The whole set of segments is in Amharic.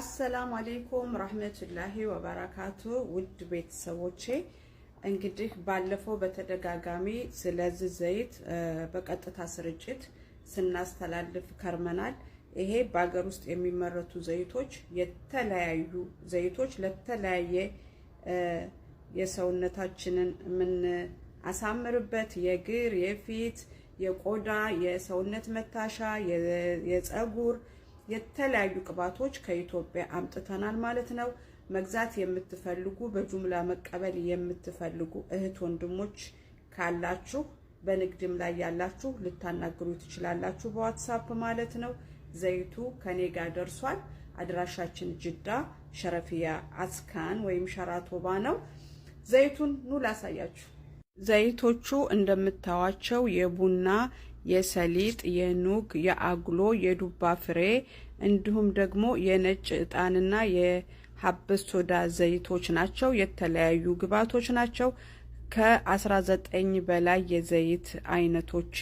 አሰላሙ አሌይኩም ረህመቱላሂ ወበረካቱ ውድ ቤተሰቦቼ፣ እንግዲህ ባለፈው በተደጋጋሚ ስለዚህ ዘይት በቀጥታ ስርጭት ስናስተላልፍ ከርመናል። ይሄ በሀገር ውስጥ የሚመረቱ ዘይቶች፣ የተለያዩ ዘይቶች ለተለያየ የሰውነታችንን የምናሳምርበት የእግር፣ የፊት፣ የቆዳ፣ የሰውነት መታሻ፣ የፀጉር የተለያዩ ቅባቶች ከኢትዮጵያ አምጥተናል ማለት ነው። መግዛት የምትፈልጉ በጁምላ መቀበል የምትፈልጉ እህት ወንድሞች ካላችሁ በንግድም ላይ ያላችሁ ልታናግሩ ትችላላችሁ፣ በዋትሳፕ ማለት ነው። ዘይቱ ከኔ ጋር ደርሷል። አድራሻችን ጅዳ ሸረፊያ አስካን ወይም ሸራቶባ ነው። ዘይቱን ኑ ላሳያችሁ። ዘይቶቹ እንደምታዋቸው የቡና የሰሊጥ፣ የኑግ፣ የአጉሎ፣ የዱባ ፍሬ እንዲሁም ደግሞ የነጭ እጣንና የሀበስ ሶዳ ዘይቶች ናቸው። የተለያዩ ግብዓቶች ናቸው። ከ19 በላይ የዘይት አይነቶች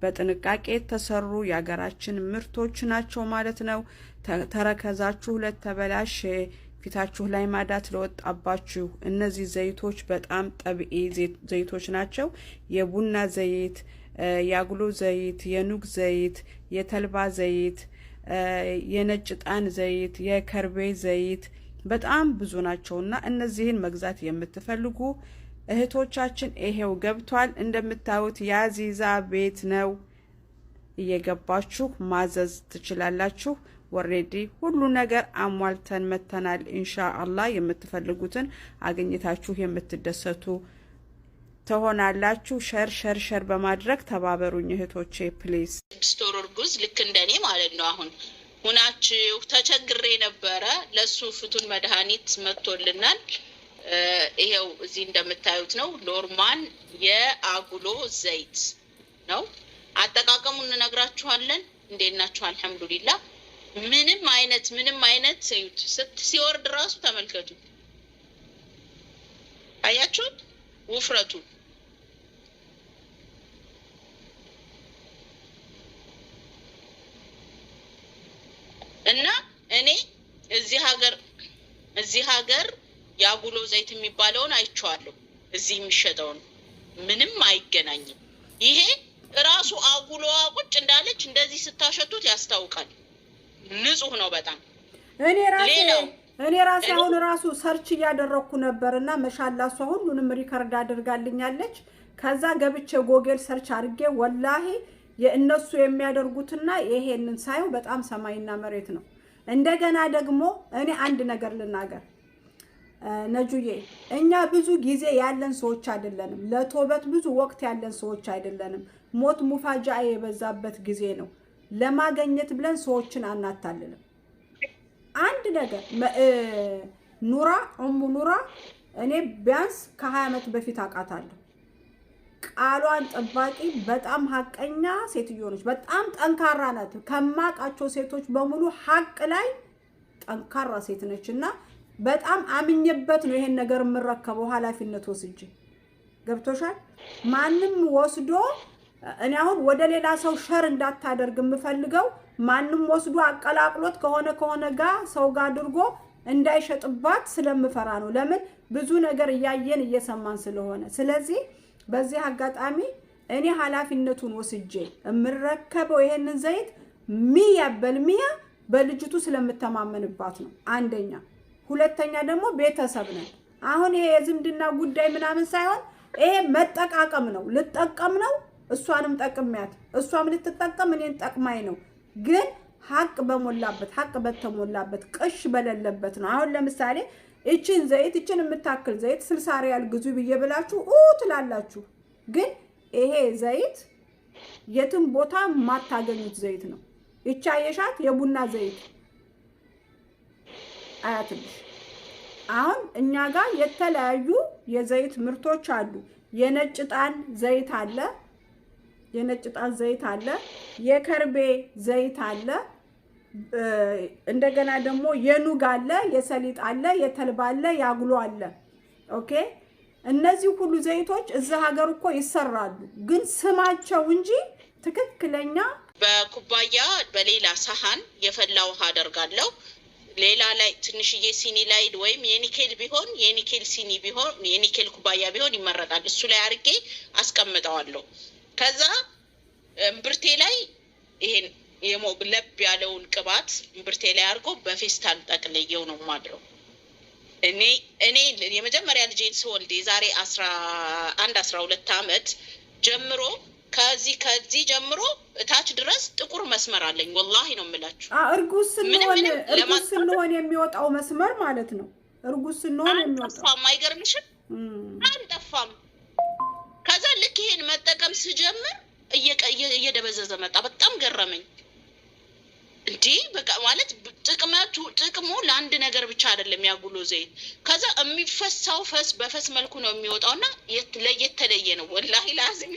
በጥንቃቄ የተሰሩ የሀገራችን ምርቶች ናቸው ማለት ነው። ተረከዛችሁ ለተበላሽ ፊታችሁ ላይ ማዳት ለወጣባችሁ እነዚህ ዘይቶች በጣም ጠብኤ ዘይቶች ናቸው። የቡና ዘይት የአጉሎ ዘይት፣ የኑግ ዘይት፣ የተልባ ዘይት፣ የነጭ ጣን ዘይት፣ የከርቤ ዘይት በጣም ብዙ ናቸው እና እነዚህን መግዛት የምትፈልጉ እህቶቻችን ይሄው ገብቷል። እንደምታዩት የአዚዛ ቤት ነው። እየገባችሁ ማዘዝ ትችላላችሁ። ወሬዲ ሁሉ ነገር አሟልተን መተናል። ኢንሻ አላህ የምትፈልጉትን አግኝታችሁ የምትደሰቱ ትሆናላችሁ። ሸር ሸር ሸር በማድረግ ተባበሩኝ እህቶቼ ፕሊዝ። ስቶር እርጉዝ ልክ እንደኔ ማለት ነው አሁን ሁናችሁ ተቸግሬ ነበረ። ለሱ ፍቱን መድኃኒት መጥቶልናል። ይሄው እዚህ እንደምታዩት ነው። ሎርማን የአጉሎ ዘይት ነው። አጠቃቀሙ እንነግራችኋለን። እንዴት ናችሁ? አልሐምዱሊላ። ምንም አይነት ምንም አይነት ዩት ስት ሲወርድ ራሱ ተመልከቱ። አያችሁት ውፍረቱ እና እኔ እዚህ ሀገር እዚህ ሀገር የአጉሎ ዘይት የሚባለውን አይቼዋለሁ። እዚህ የሚሸጠውን ምንም አይገናኝም። ይሄ እራሱ አጉሎዋ ቁጭ እንዳለች እንደዚህ ስታሸቱት ያስታውቃል። ንጹህ ነው በጣም እኔ ራሴ እኔ ራሴ አሁን ራሱ ሰርች እያደረግኩ ነበር እና መሻላ እሷ ሁሉንም ሪከርድ አድርጋልኛለች። ከዛ ገብቼ ጎጌል ሰርች አድርጌ ወላሄ የእነሱ የሚያደርጉትና ይሄንን ሳየው በጣም ሰማይና መሬት ነው። እንደገና ደግሞ እኔ አንድ ነገር ልናገር ነጁዬ፣ እኛ ብዙ ጊዜ ያለን ሰዎች አይደለንም። ለቶበት ብዙ ወቅት ያለን ሰዎች አይደለንም። ሞት ሙፋጃ የበዛበት ጊዜ ነው። ለማገኘት ብለን ሰዎችን አናታልልም። አንድ ነገር ኑራ ኡሙ ኑራ እኔ ቢያንስ ከሀያ ዓመት በፊት አውቃታለሁ። ቃሏን ጠባቂ በጣም ሀቀኛ ሴትዮ ነች። በጣም ጠንካራ ናት። ከማውቃቸው ሴቶች በሙሉ ሀቅ ላይ ጠንካራ ሴት ነች እና በጣም አምኜበት ነው ይሄን ነገር የምረከበው ኃላፊነት ወስጄ። ገብቶሻል? ማንም ወስዶ እኔ አሁን ወደ ሌላ ሰው ሸር እንዳታደርግ የምፈልገው ማንም ወስዶ አቀላቅሎት ከሆነ ከሆነ ጋር ሰው ጋር አድርጎ እንዳይሸጥባት ስለምፈራ ነው። ለምን ብዙ ነገር እያየን እየሰማን ስለሆነ ስለዚህ በዚህ አጋጣሚ እኔ ኃላፊነቱን ወስጄ የምረከበው ይሄንን ዘይት ሚያ በልሚያ በልጅቱ ስለምተማመንባት ነው። አንደኛ። ሁለተኛ ደግሞ ቤተሰብ ነን። አሁን ይሄ የዝምድና ጉዳይ ምናምን ሳይሆን ይሄ መጠቃቀም ነው። ልጠቀም ነው፣ እሷንም ጠቅሚያት፣ እሷም ልትጠቀም እኔን ጠቅማኝ ነው። ግን ሀቅ በሞላበት ሀቅ በተሞላበት ቅሽ በሌለበት ነው። አሁን ለምሳሌ እችን ዘይት እችን የምታክል ዘይት ስልሳ ሪያል ግዙ ብዬ ብላችሁ ኡ ትላላችሁ። ግን ይሄ ዘይት የትም ቦታ የማታገኙት ዘይት ነው። ይቻ የሻት የቡና ዘይት አያትልሽ። አሁን እኛ ጋር የተለያዩ የዘይት ምርቶች አሉ። የነጭ ጣን ዘይት አለ። የነጭ ጣን ዘይት አለ። የከርቤ ዘይት አለ። እንደገና ደግሞ የኑግ አለ፣ የሰሊጥ አለ፣ የተልባ አለ፣ ያጉሎ አለ። ኦኬ እነዚህ ሁሉ ዘይቶች እዚ ሀገር እኮ ይሰራሉ፣ ግን ስማቸው እንጂ ትክክለኛ በኩባያ በሌላ ሳህን የፈላ ውሃ አደርጋለሁ። ሌላ ላይ ትንሽዬ ሲኒ ላይ ወይም የኒኬል ቢሆን የኒኬል ሲኒ ቢሆን የኒኬል ኩባያ ቢሆን ይመረጣል። እሱ ላይ አርጌ አስቀምጠዋለሁ። ከዛ እምብርቴ ላይ ይሄን የሞብለብ ያለውን ቅባት ብርቴ ላይ አድርጎ በፌስታል ጠቅልየው ነው ማድረው። እኔ እኔ የመጀመሪያ ልጄን ስወልድ የዛሬ አስራ አንድ አስራ ሁለት አመት ጀምሮ ከዚህ ከዚህ ጀምሮ እታች ድረስ ጥቁር መስመር አለኝ። ወላሂ ነው የምላችሁ። እርጉዝ ስንሆን እርጉዝ ስንሆን የሚወጣው መስመር ማለት ነው። እርጉዝ ስንሆን የሚወጣው አይገርምሽም? አልጠፋም። ከዛ ልክ ይሄን መጠቀም ስጀምር እየደበዘዘ መጣ። በጣም ገረመኝ። እንዲ በቃ ማለት ጥቅመቱ ጥቅሙ ለአንድ ነገር ብቻ አይደለም። ያጉሎ ዘይት ከዛ የሚፈሳው ፈስ በፈስ መልኩ ነው የሚወጣው እና ተለየ ነው። ወላሂ ላዝም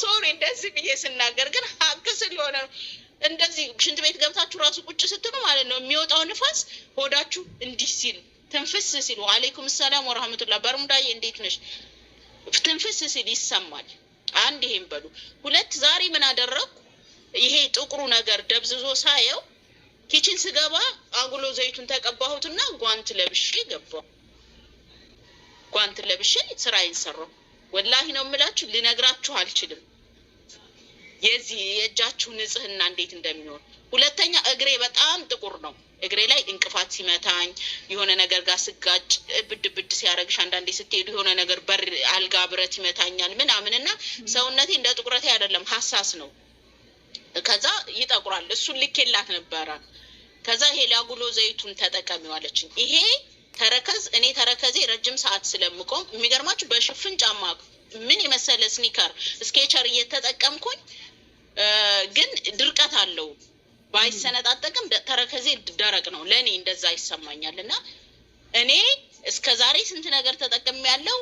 ሶሪ እንደዚህ ብዬ ስናገር ግን ሀቅ ስለሆነ እንደዚህ ሽንት ቤት ገብታችሁ ራሱ ቁጭ ስትሉ ማለት ነው የሚወጣው ንፋስ ሆዳችሁ እንዲህ ሲል ትንፍስ ሲል አሌይኩም ሰላም ወረህመቱላ በርሙዳዬ እንዴት ነሽ? ትንፍስ ሲል ይሰማል። አንድ ይሄን በሉ። ሁለት ዛሬ ምን አደረግኩ ይሄ ጥቁሩ ነገር ደብዝዞ ሳየው ኪችን ስገባ አጉሎ ዘይቱን ተቀባሁትና ጓንት ለብሼ ገባሁ። ጓንት ለብሼ ስራዬን ሰራሁ። ወላሂ ነው የምላችሁ፣ ልነግራችሁ አልችልም የዚህ የእጃችሁ ንጽህና እንዴት እንደሚሆን። ሁለተኛ እግሬ በጣም ጥቁር ነው። እግሬ ላይ እንቅፋት ሲመታኝ የሆነ ነገር ጋር ስጋጭ ብድ ብድ ሲያደርግሽ አንዳንዴ ስትሄዱ የሆነ ነገር በር አልጋ ብረት ይመታኛል ምናምን እና ሰውነቴ እንደ ጥቁረቴ አይደለም ሀሳስ ነው ከዛ ይጠቁራል። እሱን ልኬላት ነበረ። ከዛ ይሄ ላጉሎ ዘይቱን ተጠቀሚዋለችኝ። ይሄ ተረከዝ እኔ ተረከዜ ረጅም ሰዓት ስለምቆም የሚገርማችሁ በሽፍን ጫማ ምን የመሰለ ስኒከር ስኬቸር እየተጠቀምኩኝ ግን ድርቀት አለው ባይሰነጣጠቅም ተረከዜ ደረቅ ነው። ለእኔ እንደዛ ይሰማኛል። እና እኔ እስከ ዛሬ ስንት ነገር ተጠቅም ያለው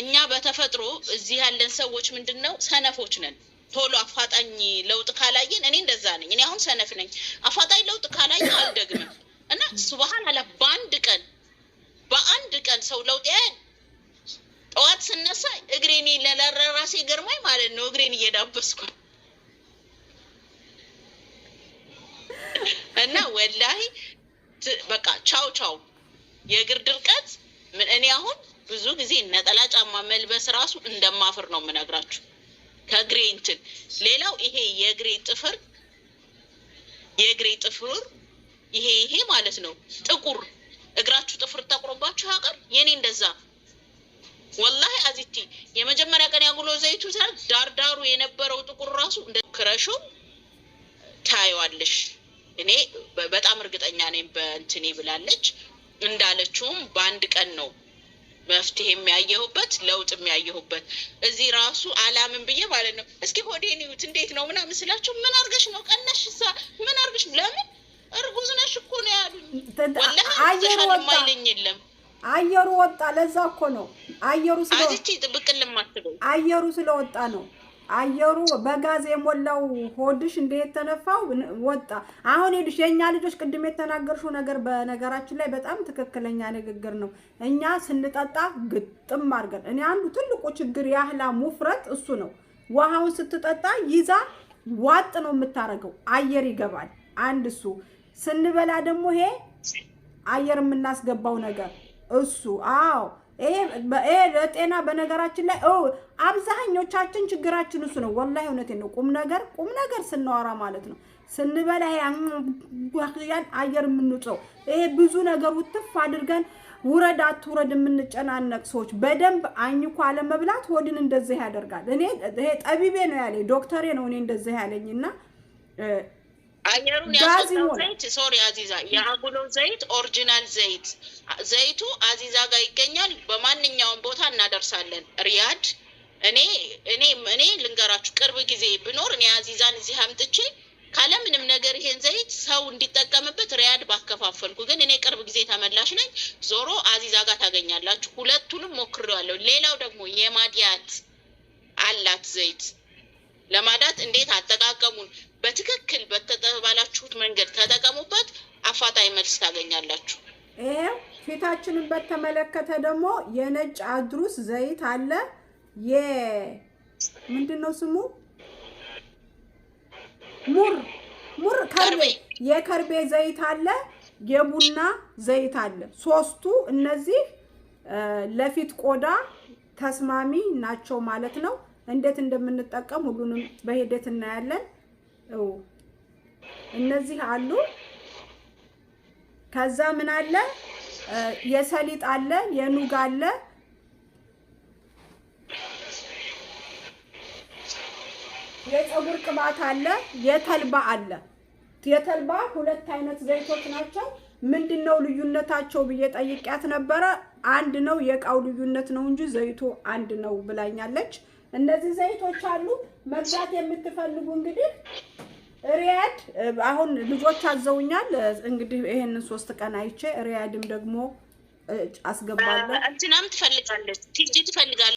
እኛ በተፈጥሮ እዚህ ያለን ሰዎች ምንድን ነው ሰነፎች ነን። ቶሎ አፋጣኝ ለውጥ ካላየን፣ እኔ እንደዛ ነኝ። እኔ አሁን ሰነፍ ነኝ። አፋጣኝ ለውጥ ካላየ አልደግምም እና ሱብሃን አላ በአንድ ቀን በአንድ ቀን ሰው ለውጥ ያ ጠዋት ስነሳ እግሬን ለራሴ ገርማኝ ማለት ነው። እግሬን እየዳበስኩ እና ወላሂ በቃ ቻው ቻው የእግር ድርቀት እኔ አሁን ብዙ ጊዜ ነጠላ ጫማ መልበስ ራሱ እንደማፍር ነው የምነግራችሁ። ከእግሬ እንትን ሌላው ይሄ የእግሬ ጥፍር የእግሬ ጥፍር ይሄ ይሄ ማለት ነው ጥቁር እግራችሁ ጥፍር ተቁሮባችሁ አቀር የኔ እንደዛ ወላሂ አዚቲ የመጀመሪያ ቀን ያጉሎ ዘይቱ ዳርዳሩ የነበረው ጥቁር ራሱ እንደ ክረሹ ታየዋለሽ። እኔ በጣም እርግጠኛ ነኝ በእንትኔ ብላለች። እንዳለችውም በአንድ ቀን ነው መፍትሄ የሚያየሁበት ለውጥ የሚያየሁበት እዚህ ራሱ አላምን ብዬ ማለት ነው። እስኪ ሆዴን ይዩት እንዴት ነው ምናምን ስላቸው ምን አርገሽ ነው ቀነሽ? ሳ ምን አርገሽ ለምን እርጉዝ ነሽ እኮ ነው ያሉኝ። አየሩ ወጣ የለም አየሩ ወጣ። ለዛ እኮ ነው አየሩ ስለአዚቺ ጥብቅል ማስበ አየሩ ስለወጣ ነው አየሩ በጋዝ የሞላው ሆድሽ እንደ የተነፋው ወጣ። አሁን ሄድሽ የእኛ ልጆች ቅድም የተናገርሽው ነገር በነገራችን ላይ በጣም ትክክለኛ ንግግር ነው። እኛ ስንጠጣ ግጥም አድርገን እኔ አንዱ ትልቁ ችግር የአህላ ሙፍረት እሱ ነው። ውሃውን ስትጠጣ ይዛ ዋጥ ነው የምታደርገው፣ አየር ይገባል። አንድ እሱ ስንበላ ደግሞ ይሄ አየር የምናስገባው ነገር እሱ አዎ ይሄ ለጤና በነገራችን ላይ አብዛኞቻችን ችግራችን እሱ ነው። ወላሂ እውነቴን ነው። ቁም ነገር ቁም ነገር ስናወራ ማለት ነው ስንበላ ያን አየር የምንውጠው ይሄ ብዙ ነገር ውትፍ አድርገን ውረድ አትውረድ የምንጨናነቅ ሰዎች በደንብ አኝኮ አለመብላት ሆድን እንደዚህ ያደርጋል። እኔ ይሄ ጠቢቤ ነው ያለኝ ዶክተሬ ነው እኔ እንደዚህ ያለኝ እና አየሩን ያስወጣው ዘይት ሶሪ አዚዛ የአጉሎ ዘይት ኦሪጂናል ዘይት ዘይቱ አዚዛ ጋር ይገኛል። በማንኛውም ቦታ እናደርሳለን። ሪያድ እኔ እኔ እኔ ልንገራችሁ ቅርብ ጊዜ ብኖር እኔ አዚዛን እዚህ አምጥቼ ምንም ነገር ይሄን ዘይት ሰው እንዲጠቀምበት ሪያድ ባከፋፈልኩ። ግን እኔ ቅርብ ጊዜ ተመላሽ ነኝ። ዞሮ አዚዛ ጋር ታገኛላችሁ። ሁለቱንም ሞክሬዋለሁ። ሌላው ደግሞ የማዲያት አላት ዘይት ለማዳት እንዴት አጠቃቀሙን በትክክል በተባላችሁት መንገድ ተጠቀሙበት፣ አፋጣኝ መልስ ታገኛላችሁ። ይሄ ፊታችንን በተመለከተ ደግሞ የነጭ አድሩስ ዘይት አለ። ምንድን ነው ስሙ? ሙር ሙር ከርቤ የከርቤ ዘይት አለ፣ የቡና ዘይት አለ። ሶስቱ እነዚህ ለፊት ቆዳ ተስማሚ ናቸው ማለት ነው። እንዴት እንደምንጠቀም ሁሉንም በሂደት እናያለን። እነዚህ አሉ። ከዛ ምን አለ? የሰሊጥ አለ፣ የኑግ አለ፣ የፀጉር ቅባት አለ፣ የተልባ አለ። የተልባ ሁለት አይነት ዘይቶች ናቸው። ምንድን ነው ልዩነታቸው ብዬ ጠይቂያት ነበረ። አንድ ነው የእቃው ልዩነት ነው እንጂ ዘይቱ አንድ ነው ብላኛለች። እነዚህ ዘይቶች አሉ። መግዛት የምትፈልጉ እንግዲህ ሪያድ አሁን ልጆች አዘውኛል። እንግዲህ ይሄንን ሶስት ቀን አይቼ ሪያድም ደግሞ አስገባለሁ። እንትናም ትፈልጋለች ትፈልጋለች